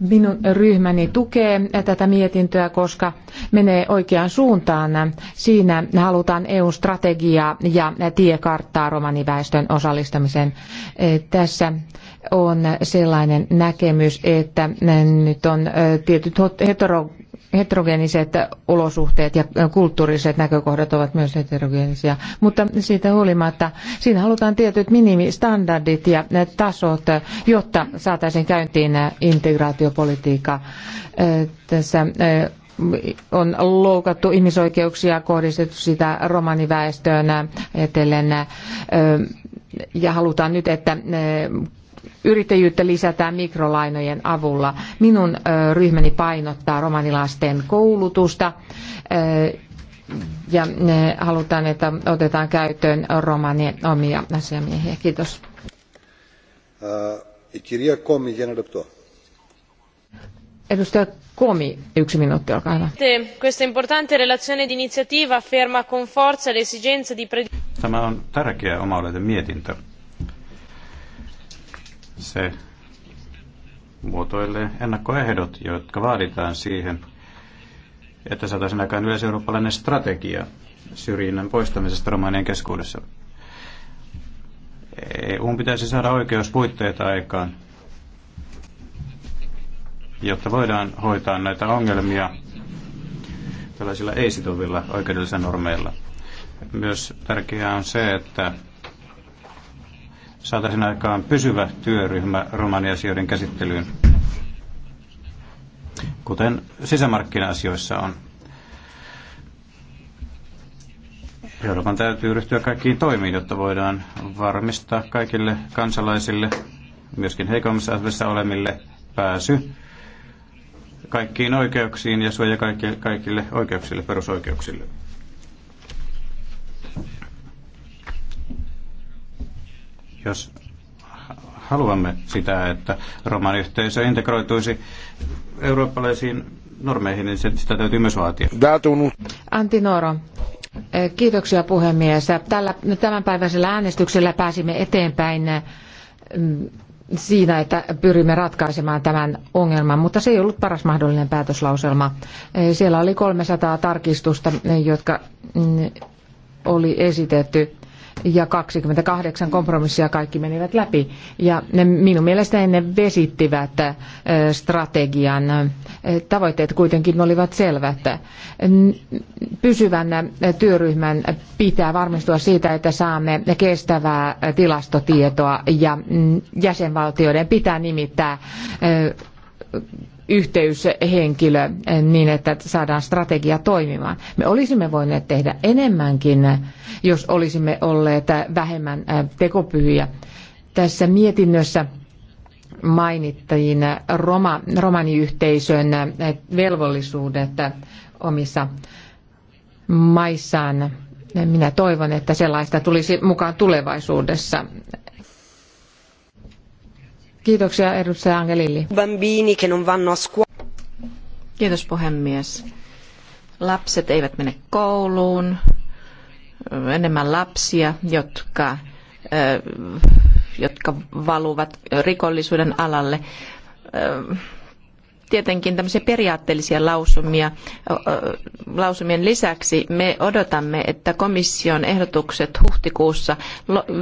Minun ryhmäni tukee tätä mietintöä, koska menee oikeaan suuntaan. Siinä halutaan EU-strategiaa ja tiekarttaa romaniväestön osallistamisen. E, tässä on sellainen näkemys, että nyt on e, tietyt heterogeeniset heterogeeniset olosuhteet ja kulttuuriset näkökohdat ovat myös heterogeenisia, mutta siitä huolimatta siinä halutaan tietyt minimistandardit ja tasot, jotta saataisiin käyntiin integraatiopolitiikka. Tässä on loukattu ihmisoikeuksia, kohdistettu sitä romaniväestöön etellen ja halutaan nyt, että yrittäjyyttä lisätään mikrolainojen avulla. Minun ryhmäni painottaa romanilasten koulutusta ja halutaan, että otetaan käyttöön romanien omia asiamiehiä. Kiitos. Kirja Komi, Edustaja Komi, yksi minuutti, olkaa hyvä. Questa importante relazione d'iniziativa afferma con forza l'esigenza di... Tämä on tärkeä oma mietintö se muotoilee ennakkoehdot, jotka vaaditaan siihen, että saataisiin aikaan yleiseurooppalainen strategia syrjinnän poistamisesta romanien keskuudessa. EU pitäisi saada oikeuspuitteita aikaan, jotta voidaan hoitaa näitä ongelmia tällaisilla ei-sitovilla oikeudellisilla normeilla. Myös tärkeää on se, että saataisiin aikaan pysyvä työryhmä romaniasioiden käsittelyyn, kuten sisämarkkina-asioissa on. Euroopan täytyy ryhtyä kaikkiin toimiin, jotta voidaan varmistaa kaikille kansalaisille, myöskin heikommassa asemassa olemille, pääsy kaikkiin oikeuksiin ja suoja kaikille, kaikille oikeuksille, perusoikeuksille. Jos haluamme sitä, että roman yhteisö integroituisi eurooppalaisiin normeihin, niin sitä täytyy myös vaatia. Antti Noro, kiitoksia puhemies. Tällä, tämänpäiväisellä äänestyksellä pääsimme eteenpäin mm, siinä, että pyrimme ratkaisemaan tämän ongelman, mutta se ei ollut paras mahdollinen päätöslauselma. Siellä oli 300 tarkistusta, jotka mm, oli esitetty ja 28 kompromissia kaikki menivät läpi. Ja ne minun mielestäni ne vesittivät strategian. Tavoitteet kuitenkin olivat selvät. Pysyvän työryhmän pitää varmistua siitä, että saamme kestävää tilastotietoa ja mm, jäsenvaltioiden pitää nimittää yhteyshenkilö eh, niin, että saadaan strategia toimimaan. Me olisimme voineet tehdä enemmänkin, jos olisimme olleet vähemmän eh, tekopyhyjä. Tässä mietinnössä mainittiin Roma, romaniyhteisön eh, velvollisuudet omissa maissaan. Minä toivon, että sellaista tulisi mukaan tulevaisuudessa. Kiitoksia edustaja Angelilli. Bambini, che non vanno a scuola. Kiitos puhemies. Lapset eivät mene kouluun, enemmän lapsia, jotka, jotka valuvat rikollisuuden alalle tietenkin tämmöisiä periaatteellisia lausumia. Lausumien lisäksi me odotamme, että komission ehdotukset huhtikuussa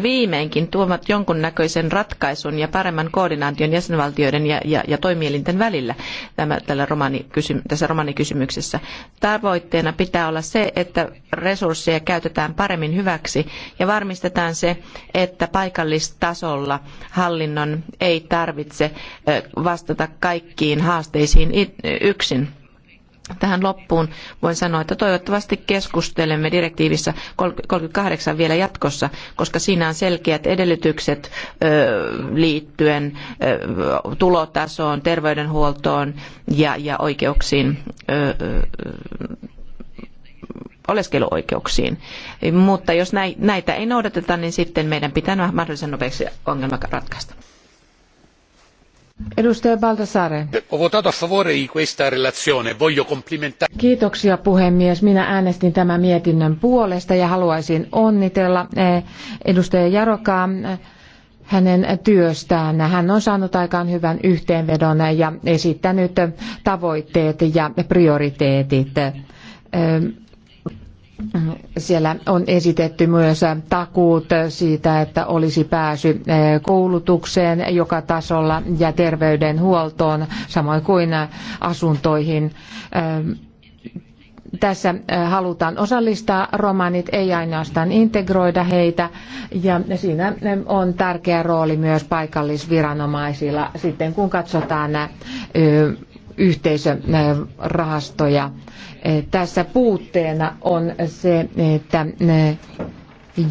viimeinkin tuovat jonkunnäköisen ratkaisun ja paremman koordinaation jäsenvaltioiden ja, ja, ja toimielinten välillä tämä, tällä romanikysy, tässä romanikysymyksessä. Tavoitteena pitää olla se, että resursseja käytetään paremmin hyväksi ja varmistetaan se, että paikallistasolla hallinnon ei tarvitse vastata kaikkiin haasteisiin haasteisiin yksin. Tähän loppuun voin sanoa, että toivottavasti keskustelemme direktiivissä 38 vielä jatkossa, koska siinä on selkeät edellytykset liittyen tulotasoon, terveydenhuoltoon ja, oikeuksiin oleskeluoikeuksiin. Mutta jos näitä ei noudateta, niin sitten meidän pitää mahdollisimman nopeasti ongelma ratkaista. Edustaja Baltasare. Ho votato a favore di questa relazione. Voglio complimentare. Kiitoksia puhemies. Minä äänestin tämän mietinnön puolesta ja haluaisin onnitella eh, edustaja Jarokaa eh, hänen työstään. Hän on saanut aikaan hyvän yhteenvedon ja esittänyt tavoitteet ja prioriteetit eh, siellä on esitetty myös takuut siitä, että olisi pääsy eh, koulutukseen joka tasolla ja terveydenhuoltoon, samoin kuin asuntoihin. Eh, tässä eh, halutaan osallistaa romanit, ei ainoastaan integroida heitä, ja siinä on tärkeä rooli myös paikallisviranomaisilla sitten, kun katsotaan yhteisörahastoja. Tässä puutteena on se, että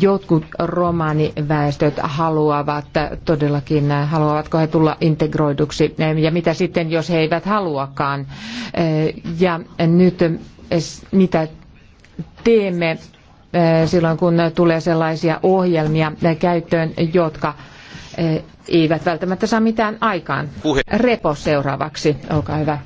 jotkut romaaniväestöt haluavat todellakin, haluavatko he tulla integroiduksi ja mitä sitten, jos he eivät haluakaan. Ja nyt mitä teemme eh, silloin, kun tulee sellaisia ohjelmia eh, käyttöön, jotka eh, eivät välttämättä saa mitään aikaan. Puhe. Repo seuraavaksi, olkaa hyvä.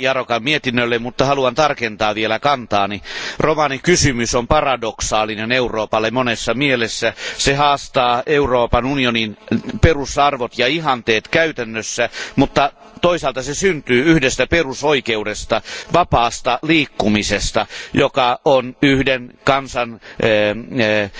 Jarokan mietinnölle, mutta haluan tarkentaa vielä kantaani. Romani kysymys on paradoksaalinen Euroopalle monessa mielessä. Se haastaa Euroopan unionin perusarvot ja ihanteet käytännössä, mutta toisaalta se syntyy yhdestä perusoikeudesta, vapaasta liikkumisesta, joka on yhden kansan eh, eh,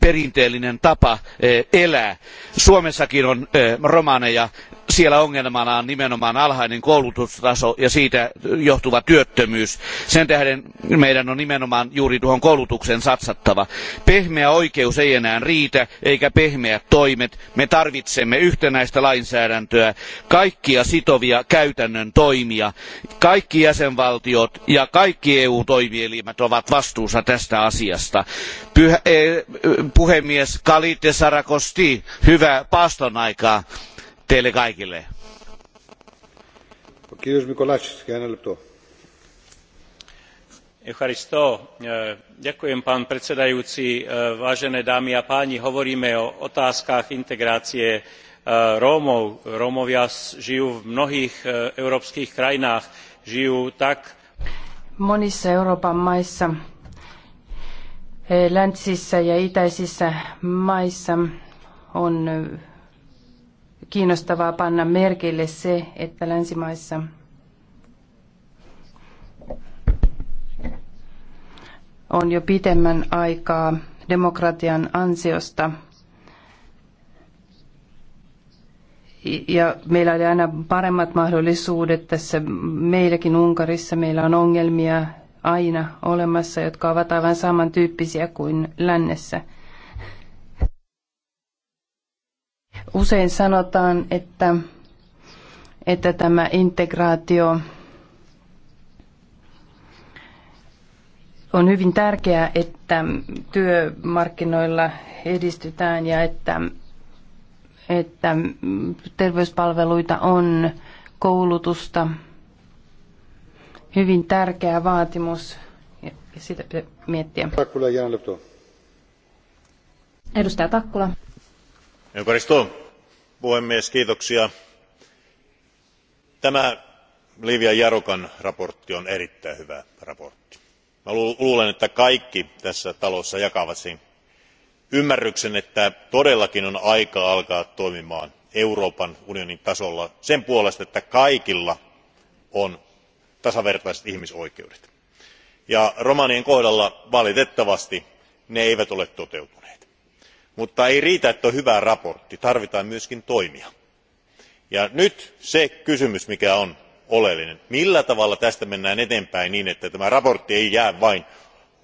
perinteellinen tapa eh, elää. Suomessakin on romaneja siellä ongelmana on nimenomaan alhainen koulutustaso ja siitä johtuva työttömyys. sen tähden meidän on nimenomaan juuri tuohon koulutukseen satsattava. pehmeä oikeus ei enää riitä eikä pehmeät toimet. me tarvitsemme yhtenäistä lainsäädäntöä kaikkia sitovia käytännön toimia. kaikki jäsenvaltiot ja kaikki eu toimielimet ovat vastuussa tästä asiasta. Pyhä, eh, puhemies kalite sarakosti, hyvää paaston aikaa! teille kaikille. pán predsedajúci vážené dámy a páni hovoríme o otázkach integrácie e, rómov. rómovia žijú v mnohých e, európskych krajinách žijú tak monissa euroopan maissa e, läntisissä ja itäisissä maissa on kiinnostavaa panna merkille se, että länsimaissa on jo pitemmän aikaa demokratian ansiosta. Ja meillä oli aina paremmat mahdollisuudet tässä meilläkin Unkarissa. Meillä on ongelmia aina olemassa, jotka ovat aivan samantyyppisiä kuin lännessä. Usein sanotaan, että, että tämä integraatio on hyvin tärkeää, että työmarkkinoilla edistytään ja että, että terveyspalveluita on, koulutusta. Hyvin tärkeä vaatimus ja sitä pitää miettiä. Takkula, Edustaja Takkula arvoisa puhemies tämä lvia jrkan mietintö on erittäin hyvä mietintö. luulen että kaikki tässä talossa jakavat sen ymmärryksen että todellakin on aika alkaa toimia euroopan unionin tasolla sen puolesta että kaikilla on tasavertaiset ihmisoikeudet. romanien kohdalla valitettavasti ne eivät ole toteutuneet mutta ei riitä että on hyvä mietintö tarvitaan myös toimia. nyt se kysymys mikä on oleellinen millä tavalla tästä mennään eteenpäin niin että tämä mietintö ei jää vain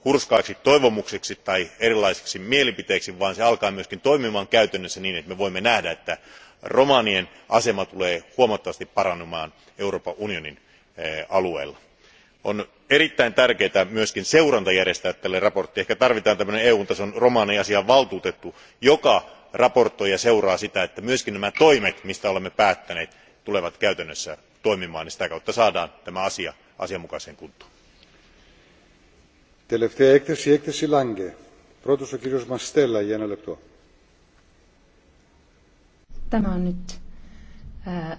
hurskaaksi toivomukseksi tai erilaisiksi mielipiteiksi vaan se alkaa myös toimia käytännössä niin että me voimme nähdä että romanien asema tulee huomattavasti paranemaan euroopan unionin eh, alueella. on erittäin tärkeää myös seurantajärjestää tälle mietinnölle. ehkä tarvitaan tällainen eu n tason romaniasiavaltuutettu joka raportoi ja seuraa sitä että myös nämä toimet joista olemme päättäneet tulevat käytännössä toimimaan ja niin sitä kautta saadaan tämä asia asianmukaiseen kuntoon. Tämä on nyt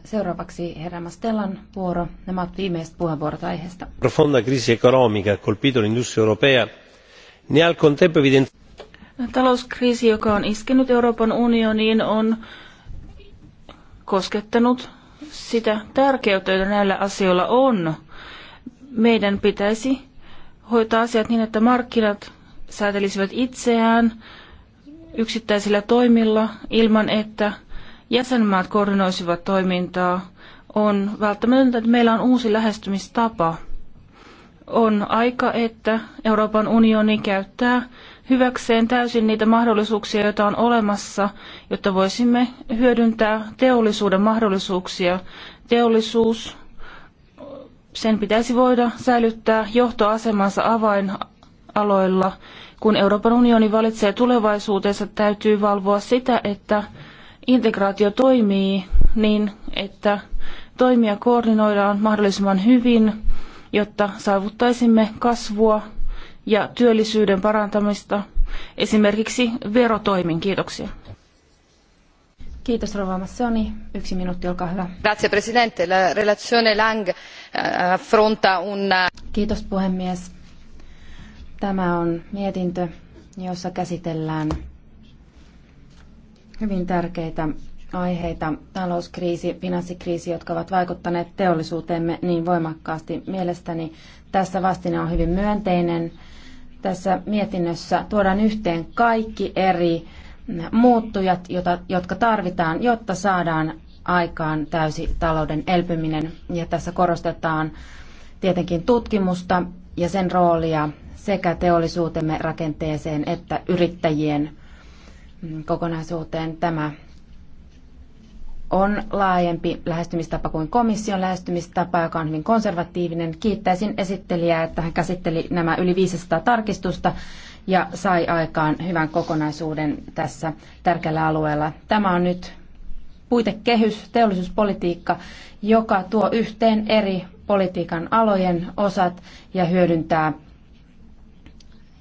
Seuraavaksi herra Mastellan vuoro. Nämä ovat viimeiset puheenvuorot aiheesta. Profonda crisi economica ha colpito l'industria europea ne al contempo evidenti... Talouskriisi, joka on iskenyt Euroopan unioniin, on koskettanut sitä tärkeyttä, jota näillä asioilla on. Meidän pitäisi hoitaa asiat niin, että markkinat säätelisivät itseään yksittäisillä toimilla ilman, että jäsenmaat koordinoisivat toimintaa, on välttämätöntä, että meillä on uusi lähestymistapa. On aika, että Euroopan unioni käyttää hyväkseen täysin niitä mahdollisuuksia, joita on olemassa, jotta voisimme hyödyntää teollisuuden mahdollisuuksia. Teollisuus, sen pitäisi voida säilyttää johtoasemansa avainaloilla. Kun Euroopan unioni valitsee tulevaisuutensa, täytyy valvoa sitä, että integraatio toimii niin, että toimia koordinoidaan mahdollisimman hyvin, jotta saavuttaisimme kasvua ja työllisyyden parantamista esimerkiksi verotoimin. Kiitoksia. Kiitos Rova Massoni. Yksi minuutti, olkaa hyvä. Grazie Presidente. La relazione Lang eh, affronta un... Eh, Kiitos puhemies. Tämä on mietintö, jossa käsitellään hyvin tärkeitä aiheita, talouskriisi, finanssikriisi, jotka ovat vaikuttaneet teollisuuteemme niin voimakkaasti. Mielestäni tässä vastine on hyvin myönteinen. Tässä mietinnössä tuodaan yhteen kaikki eri muuttujat, jota, jotka tarvitaan, jotta saadaan aikaan täysi talouden elpyminen. Ja tässä korostetaan tietenkin tutkimusta ja sen roolia sekä teollisuutemme rakenteeseen että yrittäjien kokonaisuuteen. Tämä on laajempi lähestymistapa kuin komission lähestymistapa, joka on hyvin konservatiivinen. Kiittäisin esittelijää, että hän käsitteli nämä yli 500 tarkistusta ja sai aikaan hyvän kokonaisuuden tässä tärkeällä alueella. Tämä on nyt puitekehys, teollisuuspolitiikka, joka tuo yhteen eri politiikan alojen osat ja hyödyntää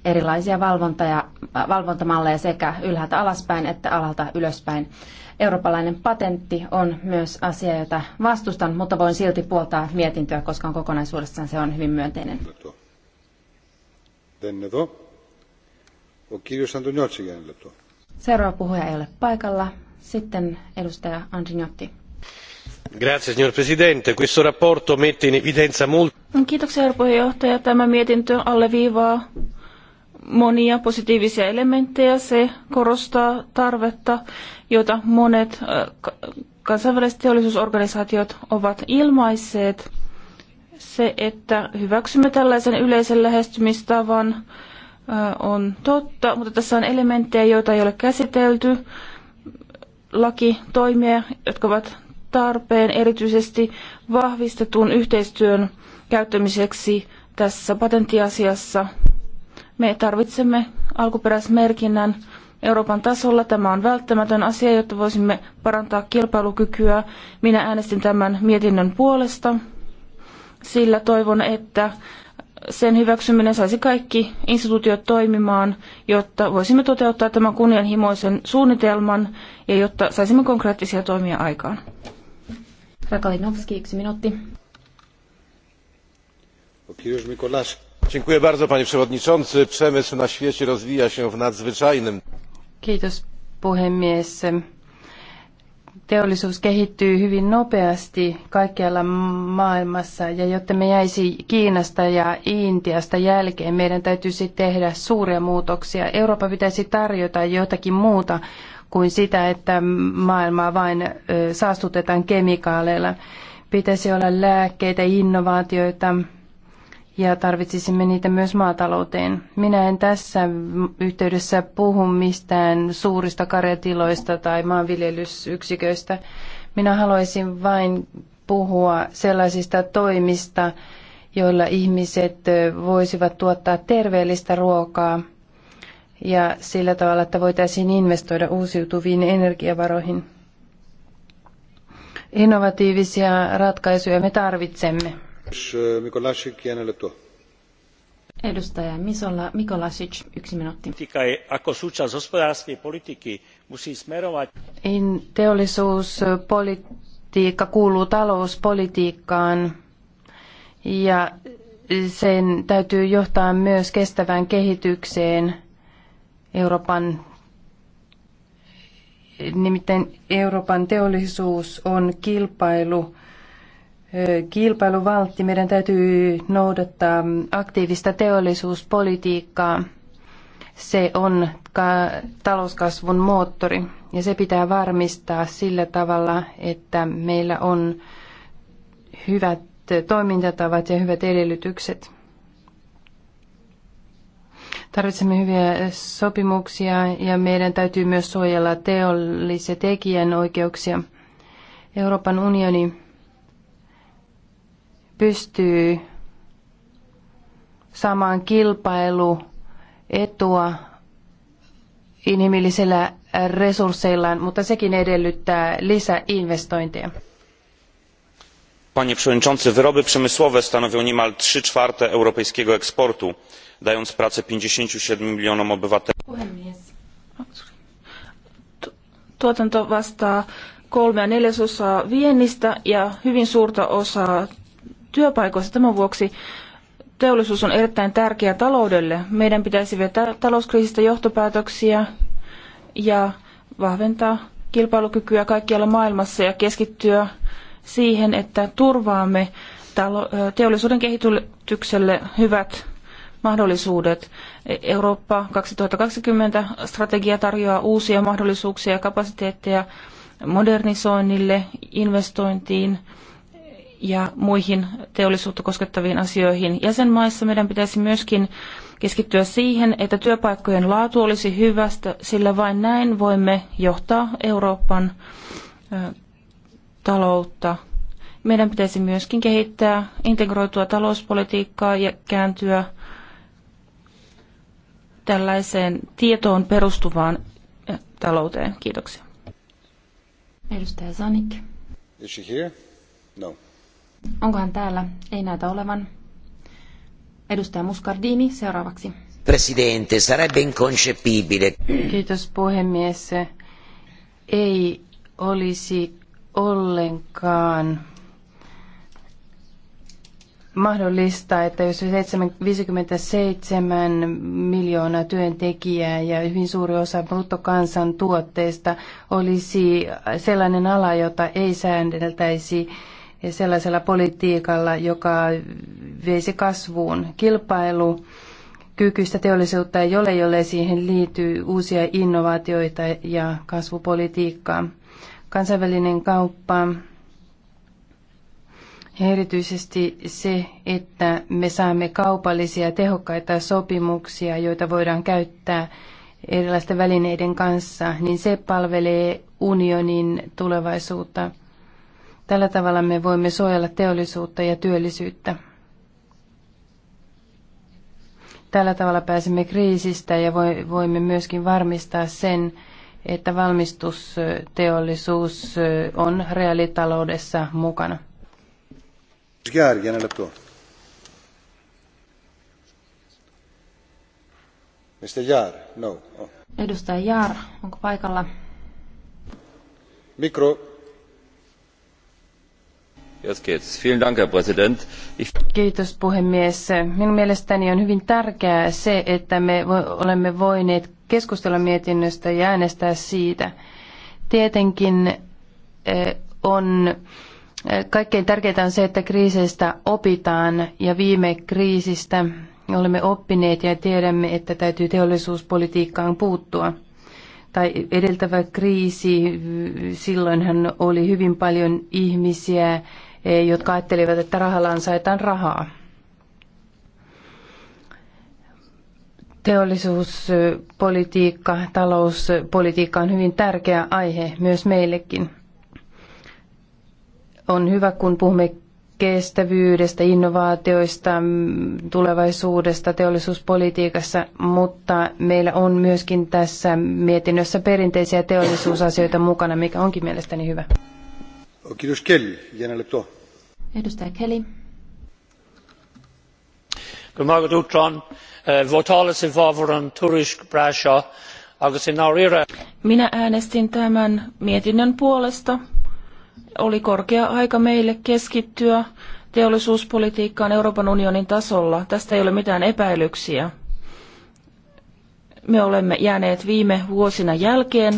erilaisia valvonta- ja, äh, valvontamalleja sekä ylhäältä alaspäin että alalta ylöspäin. Eurooppalainen patentti on myös asia, jota vastustan, mutta voin silti puoltaa mietintöä, koska on kokonaisuudessaan se on hyvin myönteinen. Seuraava puhuja ei ole paikalla. Sitten edustaja Andrignotti signor presidente Questo rapporto mette in evidenza molti. tämä mietintö alleviivaa monia positiivisia elementtejä. Se korostaa tarvetta, jota monet kansainväliset teollisuusorganisaatiot ovat ilmaisseet. Se, että hyväksymme tällaisen yleisen lähestymistavan, on totta, mutta tässä on elementtejä, joita ei ole käsitelty, lakitoimia, jotka ovat tarpeen erityisesti vahvistetun yhteistyön käyttämiseksi tässä patenttiasiassa me tarvitsemme alkuperäismerkinnän Euroopan tasolla. Tämä on välttämätön asia, jotta voisimme parantaa kilpailukykyä. Minä äänestin tämän mietinnön puolesta, sillä toivon, että sen hyväksyminen saisi kaikki instituutiot toimimaan, jotta voisimme toteuttaa tämän kunnianhimoisen suunnitelman ja jotta saisimme konkreettisia toimia aikaan. Rakalinovski, yksi minuutti panie przewodniczący! przemysł na świecie rozwija się w nadzwyczajnym. tempie. teollisuus kehittyy hyvin nopeasti kaikkialla maailmassa ja jotta emme jäisi Kiinasta ja Intiasta jälkeen, meidän täytyisi tehdä suuria muutoksia. Eurooppa pitäisi tarjota jotakin muuta kuin sitä, että maailmaa vain saastutetaan kemikaaleilla. Pitäisi olla lääkkeitä, innovaatioita, ja tarvitsisimme niitä myös maatalouteen. Minä en tässä yhteydessä puhu mistään suurista karjatiloista tai maanviljelysyksiköistä. Minä haluaisin vain puhua sellaisista toimista, joilla ihmiset voisivat tuottaa terveellistä ruokaa ja sillä tavalla, että voitaisiin investoida uusiutuviin energiavaroihin. Innovatiivisia ratkaisuja me tarvitsemme. Edustaja ako Teollisuuspolitiikka kuuluu talouspolitiikkaan ja sen täytyy johtaa myös kestävään kehitykseen Euroopan Nimittäin Euroopan teollisuus on kilpailu kilpailuvaltti. Meidän täytyy noudattaa aktiivista teollisuuspolitiikkaa. Se on talouskasvun moottori ja se pitää varmistaa sillä tavalla, että meillä on hyvät toimintatavat ja hyvät edellytykset. Tarvitsemme hyviä sopimuksia ja meidän täytyy myös suojella teollisia tekijänoikeuksia. Euroopan unioni pystyy saamaan etua inhimillisillä resursseillaan, mutta sekin edellyttää lisäinvestointeja. Panie przewodniczący, wyroby przemysłowe stanowią niemal 3 czwarte europejskiego eksportu, dając pracę 57 milionom obywateli. Tuotanto vastaa kolmea neljäsosaa viennistä ja hyvin suurta osaa työpaikoissa. Tämän vuoksi teollisuus on erittäin tärkeä taloudelle. Meidän pitäisi vetää talouskriisistä johtopäätöksiä ja vahventaa kilpailukykyä kaikkialla maailmassa ja keskittyä siihen, että turvaamme teollisuuden kehitykselle hyvät mahdollisuudet. Eurooppa 2020 strategia tarjoaa uusia mahdollisuuksia ja kapasiteetteja modernisoinnille, investointiin, ja muihin teollisuutta koskettaviin asioihin jäsenmaissa. Meidän pitäisi myöskin keskittyä siihen, että työpaikkojen laatu olisi hyvästä, sillä vain näin voimme johtaa Euroopan taloutta. Meidän pitäisi myöskin kehittää integroitua talouspolitiikkaa ja kääntyä tällaiseen tietoon perustuvaan talouteen. Kiitoksia. Edustaja Zanik. Is she here? No. Onko hän täällä? Ei näytä olevan. Edustaja Muscardini seuraavaksi. Presidente, sarebbe inconcepibile. Kiitos puhemies. Ei olisi ollenkaan mahdollista, että jos 57 miljoonaa työntekijää ja hyvin suuri osa bruttokansantuotteesta olisi sellainen ala, jota ei säänneltäisi ja sellaisella politiikalla, joka veisi kasvuun kilpailu kykyistä teollisuutta, jolle, jolle siihen liittyy uusia innovaatioita ja kasvupolitiikkaa. Kansainvälinen kauppa ja erityisesti se, että me saamme kaupallisia tehokkaita sopimuksia, joita voidaan käyttää erilaisten välineiden kanssa, niin se palvelee unionin tulevaisuutta. Tällä tavalla me voimme suojella teollisuutta ja työllisyyttä. Tällä tavalla pääsemme kriisistä ja voimme myöskin varmistaa sen, että valmistusteollisuus on reaalitaloudessa mukana. Mistä Jaar, no. Edustaja Jaar, onko paikalla? Mikro, Kiitos puhemies. Minun mielestäni on hyvin tärkeää se, että me olemme voineet keskustella mietinnöstä ja äänestää siitä. Tietenkin eh, on eh, kaikkein tärkeintä on se, että kriiseistä opitaan ja viime kriisistä olemme oppineet ja tiedämme, että täytyy teollisuuspolitiikkaan puuttua tai edeltävä kriisi, silloinhan oli hyvin paljon ihmisiä, E, jotka ajattelivat, että rahalla ansaitaan rahaa. Teollisuuspolitiikka, e, talouspolitiikka e, on hyvin tärkeä aihe myös meillekin. On hyvä, kun puhumme kestävyydestä, innovaatioista, tulevaisuudesta teollisuuspolitiikassa, mutta meillä on myöskin tässä mietinnössä perinteisiä teollisuusasioita mukana, mikä onkin mielestäni hyvä. Kiitos Kelly, jäänä Edustaja Kelly. Uh, Minä äänestin tämän mietinnön puolesta. Oli korkea aika meille keskittyä teollisuuspolitiikkaan Euroopan unionin tasolla. Tästä ei ole mitään epäilyksiä. Me olemme jääneet viime vuosina jälkeen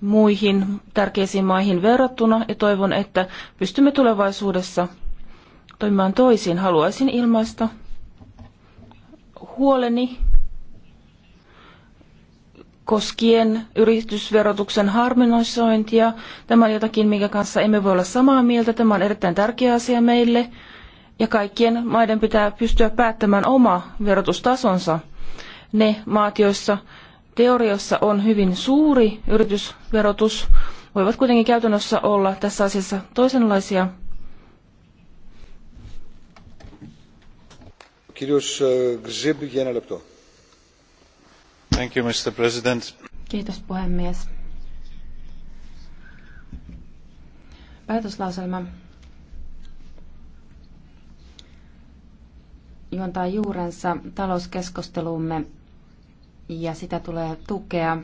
muihin tärkeisiin maihin verrattuna ja toivon, että pystymme tulevaisuudessa toimimaan toisin. Haluaisin ilmaista huoleni koskien yritysverotuksen harmonisointia. Tämä on jotakin, minkä kanssa emme voi olla samaa mieltä. Tämä on erittäin tärkeä asia meille ja kaikkien maiden pitää pystyä päättämään oma verotustasonsa. Ne maat, joissa teoriassa on hyvin suuri yritysverotus, voivat kuitenkin käytännössä olla tässä asiassa toisenlaisia Kiitos puhemies. Päätöslauselma juontaa juurensa talouskeskusteluumme ja sitä tulee tukea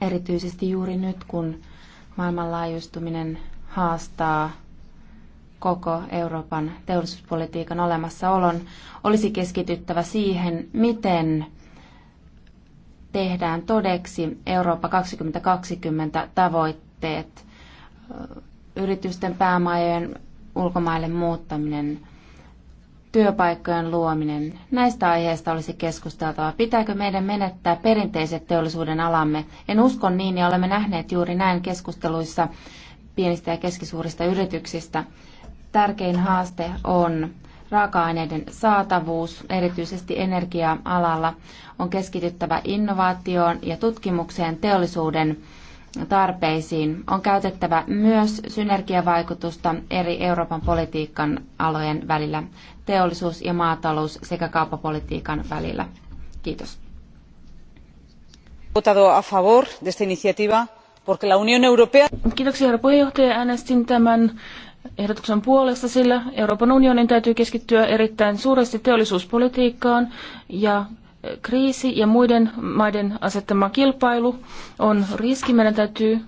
erityisesti juuri nyt, kun maailmanlaajuistuminen haastaa koko Euroopan teollisuuspolitiikan olemassaolon, olisi keskityttävä siihen, miten tehdään todeksi Eurooppa 2020 tavoitteet, yritysten päämajojen ulkomaille muuttaminen, työpaikkojen luominen. Näistä aiheista olisi keskusteltava. Pitääkö meidän menettää perinteiset teollisuuden alamme? En usko niin ja olemme nähneet juuri näin keskusteluissa pienistä ja keskisuurista yrityksistä tärkein haaste on raaka-aineiden saatavuus, erityisesti energia-alalla, on keskityttävä innovaatioon ja tutkimukseen teollisuuden tarpeisiin. On käytettävä myös synergiavaikutusta eri Euroopan politiikan alojen välillä, teollisuus ja maatalous sekä kauppapolitiikan välillä. Kiitos. a favor de esta iniciativa porque la Unión Europea... Kiitoksia herra puheenjohtaja. Äänestin tämän ehdotuksen puolesta, sillä Euroopan unionin täytyy keskittyä erittäin suuresti teollisuuspolitiikkaan ja kriisi ja muiden maiden asettama kilpailu on riski. Meidän täytyy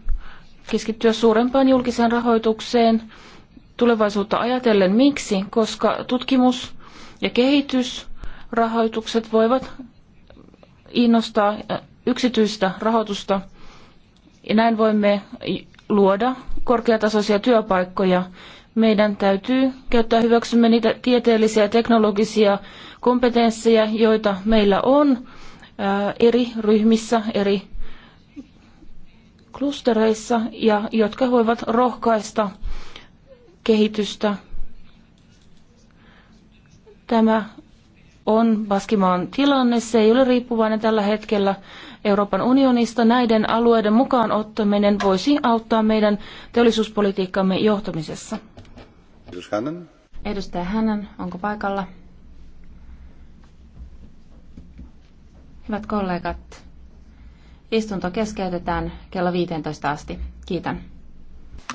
keskittyä suurempaan julkiseen rahoitukseen tulevaisuutta ajatellen. Miksi? Koska tutkimus- ja kehitysrahoitukset voivat innostaa yksityistä rahoitusta ja näin voimme luoda korkeatasoisia työpaikkoja. Meidän täytyy käyttää hyväksymme niitä tieteellisiä ja teknologisia kompetensseja, joita meillä on eri ryhmissä, eri klustereissa ja jotka voivat rohkaista kehitystä. Tämä on Baskimaan tilanne. Se ei ole riippuvainen tällä hetkellä Euroopan unionista, näiden alueiden mukaan ottaminen voisi auttaa meidän teollisuuspolitiikkamme johtamisessa. Edustaja Hänen, onko paikalla? Hyvät kollegat, istunto keskeytetään kello 15 asti. Kiitän.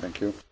Thank you.